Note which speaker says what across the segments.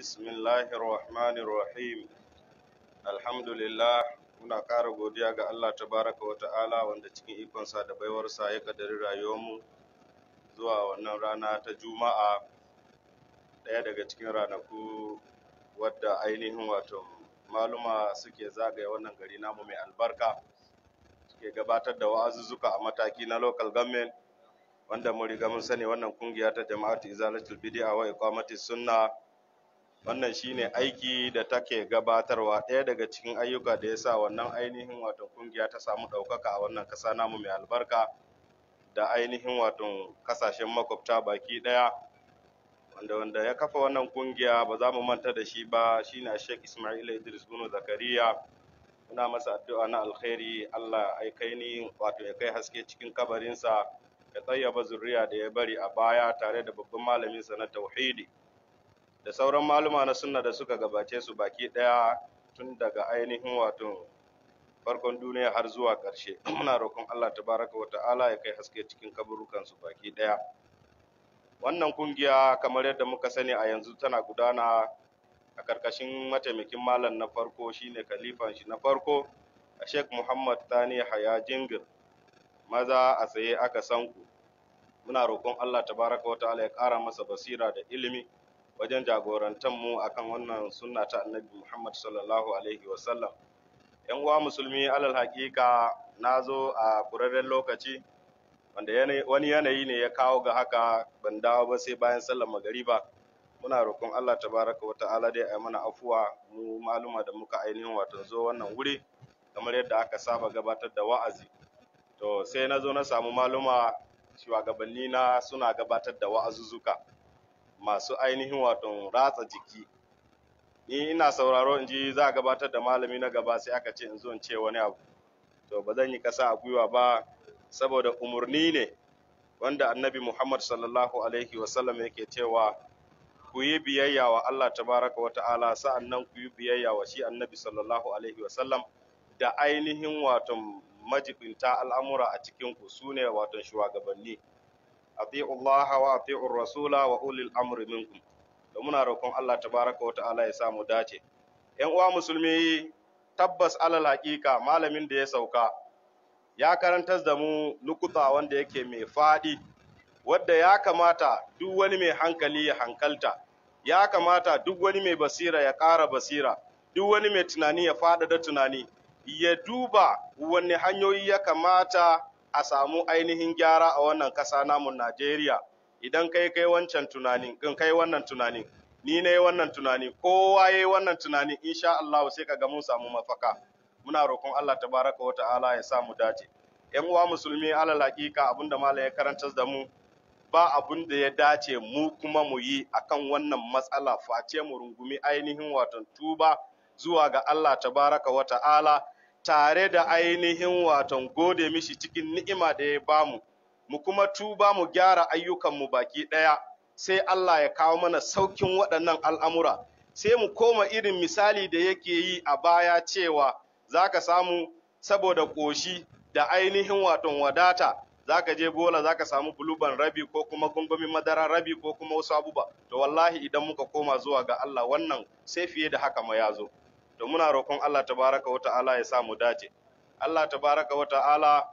Speaker 1: بسم الله الرحمن الرحيم الحمد لله muna ƙara godiya ga Allah tabaraka wa ta'ala wanda cikin ikonsa da baiwarsa ya kadari rayuwarmu zuwa wannan rana ta juma'a ɗaya daga cikin ranaku wadda ainihin wato maluma suke zagaye wannan gari namu mai albarka suke gabatar da wa'azuzzuka a mataki na local government wanda mun riga mun sani wannan kungiya ta jama'atu izalatul bid'a wa iqamati sunna wannan shine aiki da take gabatarwa ɗaya daga cikin ayyuka da ya sa wannan ainihin wato kungiya ta samu ɗaukaka a wannan ƙasa namu mai albarka da ainihin wato ƙasashen makwabta baki ɗaya wanda wanda ya kafa wannan kungiya ba za mu manta da shi ba shine Sheikh Ismail Idris Bunu Zakariya muna masa addu'a na alkhairi Allah ai kai ni wato ya kai haske cikin kabarinsa ya tsayyaba zuriya da ya bari a baya tare da babban malamin sa na tauhidi da sauran maluma na sunna da suka gabace su baki ɗaya tun daga ainihin wato farkon duniya har zuwa ƙarshe muna roƙon Allah tabaraka wa ta'ala ya kai haske cikin kaburukan su baki ɗaya wannan kungiya kamar yadda muka sani a yanzu tana gudana a karkashin mataimakin malam na farko shine kalifan shi na farko a Sheikh Muhammad Tani Haya Jingir maza a tsaye aka san ku muna roƙon Allah tabaraka wa ta'ala ya ƙara masa basira da ilimi wajen jagorantar mu akan wannan sunna ta annabi Muhammad sallallahu alaihi wa sallam. yan uwa musulmi alal haƙiƙa nazo a kurarren lokaci wanda wani yanayi ne ya kawo ga haka ban dawo ba sai bayan sallar magariba muna roƙon Allah tabaraka wa ta'ala dai a mana afuwa mu maluma da muka ainihin wato zo wannan wuri kamar yadda aka saba gabatar da wa'azi to sai na zo na samu maluma shugabanni na suna gabatar da wa'azuzzuka masu ainihin wato ratsa jiki ni ina sauraro in ji za a gabatar da malami na gaba sai aka ce in zo in ce wani abu to ba zan yi kasa a gwiwa ba saboda umurni ne wanda annabi muhammad sallallahu alaihi wasallam yake cewa ku yi biyayya wa allah tabaraka wata'ala sa'an nan ku yi biyayya wa shi annabi sallallahu alaihi wasallam da ainihin wato majibinta al'amura a cikinku su ne wato shugabanni ati'u Allah wa ati'u Rasula wa ulil amri minkum da muna roƙon Allah tabaraka wa ta'ala ya samu dace ƴan uwa musulmi tabbas alal haqiqa malamin da ya sauka ya karantar da mu nukuta wanda yake mai faɗi wanda ya kamata duk wani mai hankali ya hankalta ya kamata duk wani mai basira ya ƙara basira duk wani mai tunani ya faɗaɗa tunani ya duba wanne hanyoyi ya kamata a samu ainihin gyara a wannan ƙasa namun Najeriya idan kai kai wancan tunanin in kai wannan tunanin ni ne wannan tunani kowa yayi wannan tunanin insha Allah sai kaga mun samu mafaka muna roƙon Allah tabaraka wa ta'ala ya sa mu dace ƴan uwa musulmi alal haqiqa abinda malam ya karanta da mu ba abin da ya dace mu kuma mu yi akan wannan matsala face mu rungumi ainihin watan tuba zuwa ga Allah tabaraka wa ta'ala tare da ainihin watan gode mishi cikin ni'ima da ya bamu mu kuma tuba mu gyara ayyukanmu baki ɗaya sai Allah ya kawo mana saukin waɗannan al'amura sai mu koma irin misali da yake yi a baya cewa za ka samu saboda ƙoshi da ainihin watan wadata za ka je bola za ka samu buluban rabi ko kuma gungumi madara rabi ko kuma wasu abubuwa to wallahi idan muka koma zuwa ga Allah wannan sai fiye da haka ma ya zo. to muna roƙon Allah tabaraka wata'ala ya sa mu dace Allah tabaraka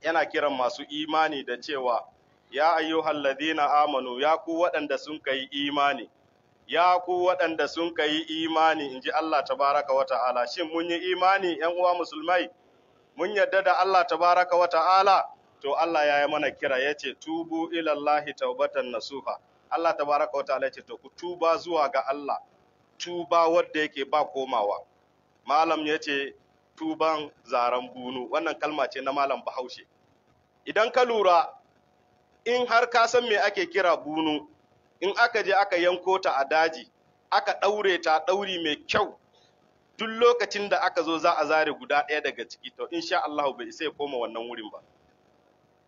Speaker 1: yana kiran masu imani da cewa ya ayyuhal ladina amanu ya ku waɗanda sun kai imani ya ku waɗanda sun kai imani inji Allah tabaraka shin mun yi imani ƴan uwa musulmai mun yadda da Allah tabaraka wata'ala to Allah ya yi mana kira ya ce tubu ilallahi taubatan nasuha Allah tabaraka wata'ala ya ce to ku tuba zuwa ga Allah tuba wadda yake ba komawa malam ya ce tuban zaren bunu wannan kalma ce na malam bahaushe idan ka lura in har ka san me ake kira bunu in aka je aka yanko ta a daji aka ɗaure ta ɗauri mai kyau duk lokacin da aka zo za a zare guda ɗaya daga ciki to insha Allah bai isa ya koma wannan wurin ba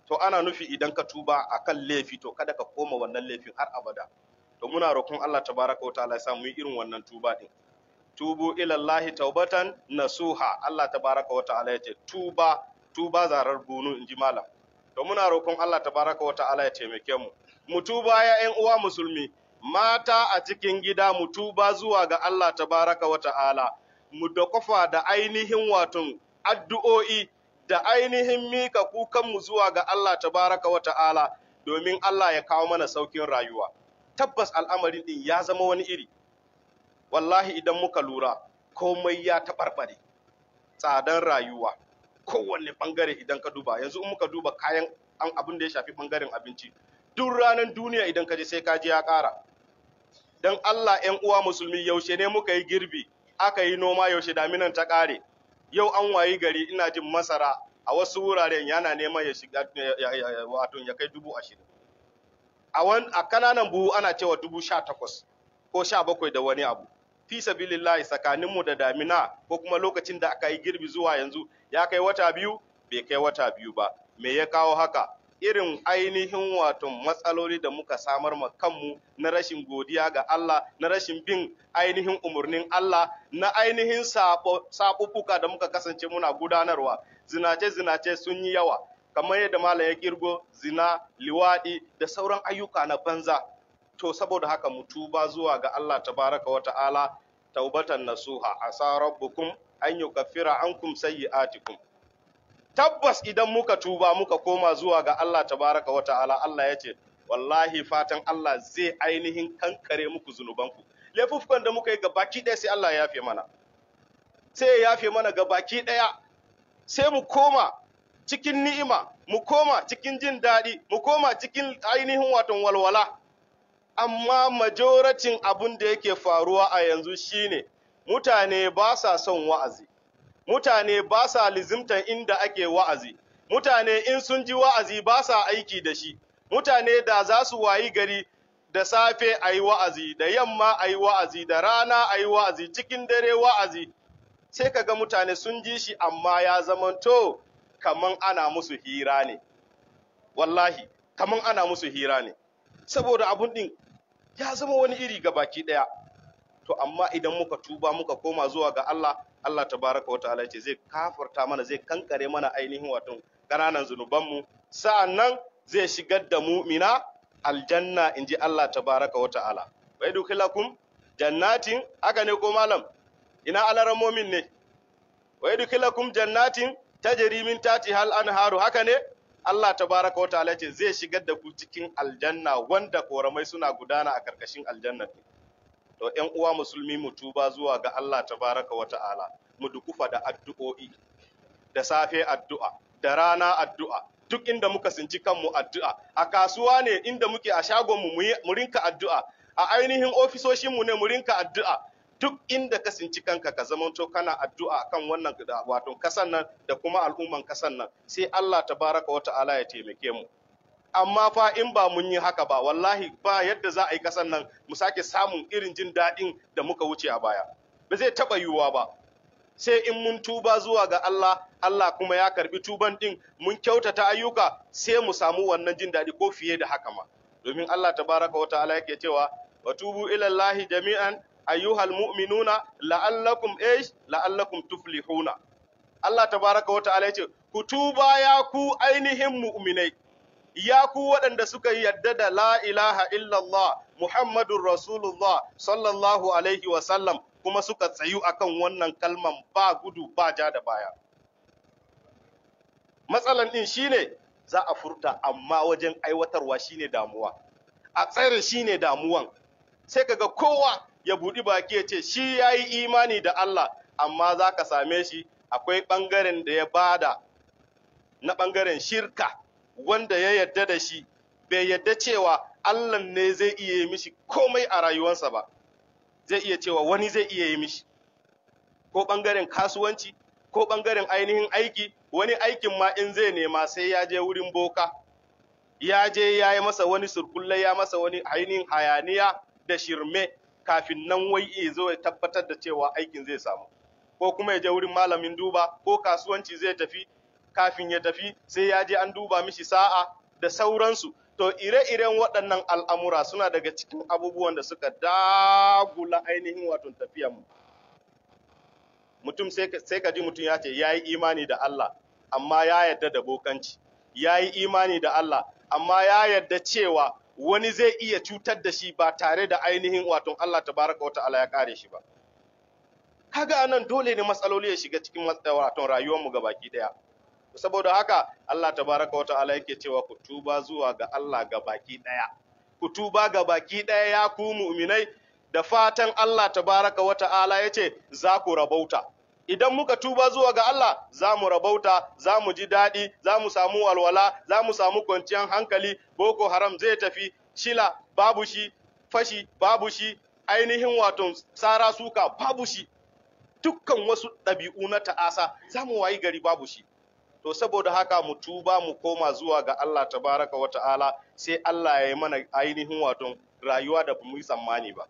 Speaker 1: to ana nufi idan ka tuba akan laifi to kada ka koma wannan laifin har abada to muna roƙon Allah tabaraka wa ta'ala ya sa mu yi irin wannan tuba din tubu ila Allah taubatan nasuha Allah tabaraka wa ta'ala ya ce tuba tuba zarar bunu inji malam to muna roƙon Allah tabaraka wa ta'ala ya taimake mu mu tuba ya ƴan uwa musulmi mata a cikin gida mu tuba zuwa ga Allah tabaraka wa ta'ala mu da kofa da ainihin watan addu'o'i da ainihin mika kukanmu zuwa ga Allah tabaraka wa ta'ala domin Allah ya kawo mana saukin rayuwa. tabbas al'amarin din ya zama wani iri wallahi idan muka lura komai ya taɓarɓare tsadan rayuwa kowanne ɓangare idan ka duba yanzu in muka duba kayan abin da ya shafi ɓangaren abinci duk ranar duniya idan ka je sai ka je ya ƙara don Allah ‘yan uwa musulmi yaushe ne muka yi girbi aka yi noma yaushe daminan ta ƙare yau an wayi gari ina jin masara a wasu wuraren yana neman ya shiga wato ya kai dubu ashirin a a kananan buhu ana cewa dubu sha takwas ko sha bakwai da wani abu fi sabilillahi tsakaninmu da damina ko kuma lokacin da aka yi girbi zuwa yanzu ya kai wata biyu bai kai wata biyu ba me ya kawo haka irin ainihin wato matsaloli da muka samar ma kanmu na rashin godiya ga Allah na rashin bin ainihin umarnin Allah na ainihin saɓuɓɓuka da muka kasance muna gudanarwa zinace zinace sun yi yawa kamar yadda malam ya kirgo zina liwadi da sauran ayyuka na banza to saboda haka mu tuba zuwa ga Allah tabaraka wa ta'ala taubatan nasuha asa rabbukum an yukaffira ankum sayyi'atikum tabbas idan muka tuba muka koma zuwa ga Allah tabaraka wa ta'ala Allah ya ce wallahi fatan Allah zai ainihin kankare muku zunubanku laifuffukan da muka yi ga baki ɗaya sai Allah ya yafe mana sai ya yafe mana ga baki ɗaya sai mu koma cikin ni'ima mu koma cikin jin daɗi mu koma cikin ainihin watan walwala amma majoracin abin da yake faruwa a yanzu shine mutane ba sa son wa'azi mutane ba sa lizimtan inda ake wa'azi mutane in sun ji wa'azi ba sa aiki da shi mutane da za su wayi gari da safe a yi wa'azi da yamma a yi wa'azi da rana a yi wa'azi cikin dare wa'azi sai kaga mutane sun ji shi amma ya zamanto kaman ana musu hira ne wallahi kaman ana musu hira ne saboda abun din ya zama wani iri ga baki daya to amma idan muka tuba muka koma zuwa ga Allah Allah tabaraka wa ta'ala ce zai kafarta mana zai kankare mana ainihin wato ƙananan zunubanmu sa'annan zai shigar da mu'mina aljanna inji Allah tabaraka wa ta'ala wa yadkhilukum jannatin haka ne ko malam ina alaran mu'min ne wa yadkhilukum jannatin Ta jarimin tati hal an haru haka ne Allah tabaraka wata wata ce zai shigar da ku cikin aljanna wanda koramai suna gudana a karkashin aljanna to ƴan uwa musulmi mu tuba zuwa ga Allah Ta baraka wa ta'ala mu dukufa da addu'o'i da safe addu'a da rana addu'a duk inda muka sinci kanmu addu'a a kasuwa ne inda muke a shagon mu mu rinka addu'a a ainihin ofisoshinmu mu ne mu rinka addu'a duk inda ka sinci kanka ka zamanto kana addu'a kan wannan wato kasan nan da kuma al'umman kasan nan sai Allah tabaraka wa ta'ala ya taimake mu amma fa in ba mun yi haka ba wallahi ba yadda za a yi kasan nan mu sake samun irin jin daɗin da muka wuce a baya ba zai taɓa yiwuwa ba sai in mun tuba zuwa ga Allah Allah kuma ya karbi tuban din mun kyautata ayyuka sai mu samu wannan jin daɗi ko fiye da haka ma domin Allah tabaraka wa ta'ala yake cewa wa tubu ila Allah jami'an ayyuhal mu'minuna la'allakum ish la'allakum tuflihuna Allah tabaraka wa ta'ala yace ku tuba ya ku ainihin mu'minai ya ku waɗanda suka yadda da la ilaha illallah muhammadun rasulullah sallallahu alaihi wa sallam kuma suka tsayu akan wannan kalman ba gudu ba ja da baya matsalan din shine za a furta amma wajen aiwatarwa shine damuwa a tsare shine damuwan sai kaga kowa ya buɗi baki ya ce shi ya yi imani da Allah amma za ka same shi akwai ɓangaren da ya bada na ɓangaren shirka wanda ya yadda da shi bai yadda cewa Allah ne zai iya yi mishi komai a rayuwarsa ba zai iya cewa wani zai iya yi mishi ko ɓangaren kasuwanci ko ɓangaren ainihin aiki wani aikin ma in zai nema sai ya je wurin boka ya je ya yi masa wani surkulle ya masa wani ainihin hayaniya da shirme kafin nan wai iya zo ya tabbatar da cewa aikin zai samu ko kuma ya je wurin malamin duba ko kasuwanci zai tafi kafin ya tafi sai ya je an duba mishi sa'a da sauransu to ire-iren waɗannan al'amura suna daga cikin abubuwan da suka dagula ainihin wato tafiya mu mutum sai ka ji mutum ya ce ya yi imani da Allah amma ya yarda da bokanci ya yi imani da Allah amma ya yarda cewa wani zai iya cutar da shi ba tare da ainihin wato Allah Ta-baraka wa ta'ala ya kare shi ba kaga nan dole ne matsaloli ya shiga cikin wato rayuwar mu gabaki daya saboda haka Allah Ta-baraka wa ta'ala yake cewa ku tuba zuwa ga Allah gabaki daya ku tuba gabaki daya ya ku mu'minai da fatan Allah ta tabaraka wa ta'ala ce za ku rabauta idan muka tuba zuwa ga Allah za mu rabauta za mu ji daɗi za mu samu walwala, za mu samu kwanciyar hankali boko haram zai tafi shila babu shi fashi babu shi ainihin wato sara suka babu shi dukkan wasu ɗabi'u na ta'asa za mu wayi gari babu shi to saboda haka mu tuba mu koma zuwa ga Allah tabaraka wa ta'ala sai Allah ya yi mana ainihin wato rayuwa da mu yi tsammani ba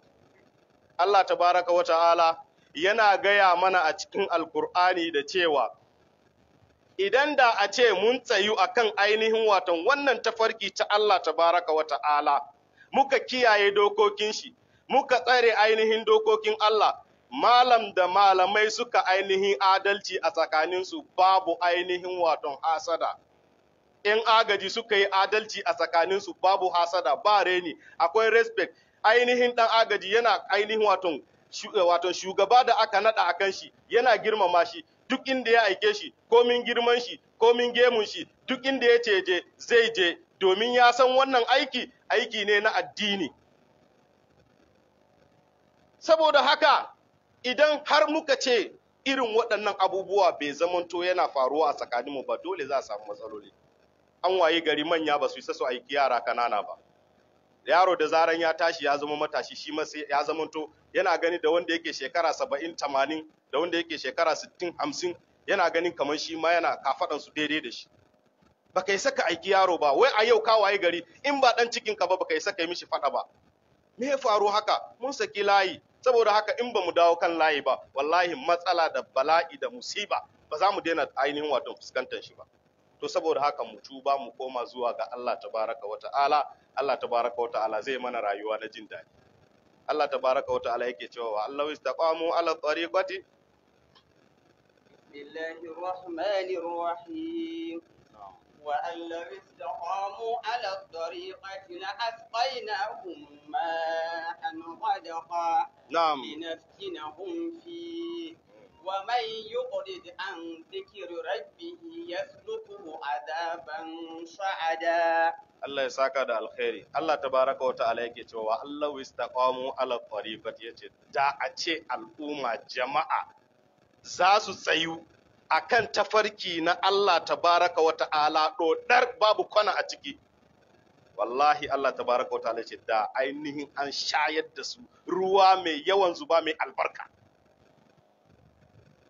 Speaker 1: Allah tabaraka wa ta'ala yana gaya mana a cikin alkur'ani da cewa idan da a ce mun tsayu a kan ainihin watan wannan tafarki ta Allah baraka wa ta'ala muka kiyaye dokokin shi muka tsare ainihin dokokin Allah malam da malamai suka ainihin adalci a tsakaninsu babu ainihin waton hasada in agaji suka yi adalci a tsakaninsu babu hasada ba reni akwai respect ainihin dan agaji yana ainihin waton Eh, wato shugaba da aka nada a kan shi yana girmama shi duk inda ya aike shi komin girman shi komin gemun shi duk inda ya ce je zai je domin ya san wannan aiki aiki ne na addini saboda haka idan har muka ce irin waɗannan abubuwa bai zamanto yana faruwa a tsakaninmu ba dole za a samu matsaloli an waye gari manya ba su isa su aiki yara kanana ba yaro da zaran ya tashi ya zama matashi shi ma sai ya zamanto yana gani da wanda yake shekara saba'in tamanin da wanda yake shekara sittin hamsin yana ganin kamar shi ma yana kafaɗan su daidai da shi baka yi saka aiki yaro ba wai a yau kawaye gari in ba dan cikin ka ba baka yi saka mishi faɗa ba me ya faru haka mun saki layi saboda haka in ba mu dawo kan layi ba wallahi matsala da bala'i da musiba ba za mu daina ainihin wato fuskantar shi ba to saboda haka mu tuba mu koma zuwa ga Allah tabaraka wa ta'ala Allah tabaraka wa ta'ala zai mana rayuwa na jin daɗi Allah tabaraka wa ta'ala yake cewa wa Allah istaqamu ala tariqati billahi rahmani rahim وأن لو استقاموا على الطريقة لأسقيناهم ماء غدقا na'am لنفتنهم فيه ومن يقرد عن ذكر ربه يسلكه عذابا صعدا Allah ya saka da alkhairi Allah tabaraka wa ta'ala yake cewa Allah istaqamu ala tariqati yace da a ce al'umma jama'a za su tsayu a kan tafarki na Allah ta baraka wata ala, dodar babu kwana a ciki wallahi Allah tabaraka wa ta'ala yace da ainihin an shayar da su ruwa mai yawan zuba mai albarka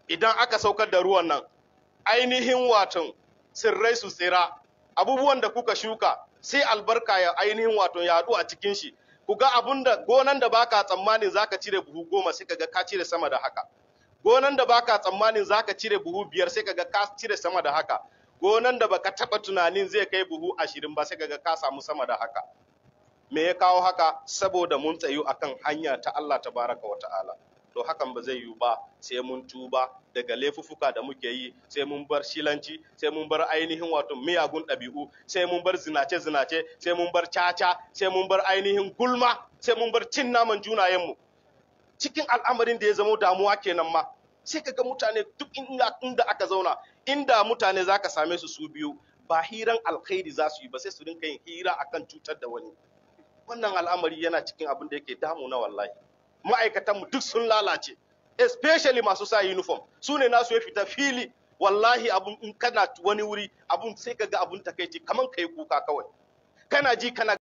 Speaker 1: idan aka saukar da ruwan nan ainihin watan sirrai su tsira abubuwan da kuka shuka sai albarka ya ainihin wato yaɗu a cikin shi ku ga abun da gonan da baka tsammanin zaka cire buhu goma sai kaga ka cire sama da haka gonan da baka tsammanin zaka cire buhu biyar sai kaga ka cire sama da haka gonan da baka taba tunanin zai kai buhu ashirin ba sai kaga ka samu sama da haka me ya kawo haka saboda mun tsayu akan hanya ta Allah tabaraka wa ta'ala to hakan ba zai yiwu ba sai mun tuba daga laifuffuka da muke yi sai mun bar shilanci sai mun bar ainihin wato miyagun ɗabi'u sai mun bar zinace zinace sai mun bar caca sai mun bar ainihin gulma sai mun bar cin naman junayenmu cikin al'amarin da ya zama damuwa kenan ma sai kaga mutane duk inda aka zauna inda mutane za same su su biyu ba hiran alkhairi za su yi ba sai su rinka yin hira akan cutar da wani wannan al'amari yana cikin abin da yake damu na wallahi ma'aikatanmu duk sun lalace especially masu sa uniform su ne nasu ya fita fili wallahi abun in kana wani wuri abun sai kaga abun takaici kaman kai kuka kawai kana ji kana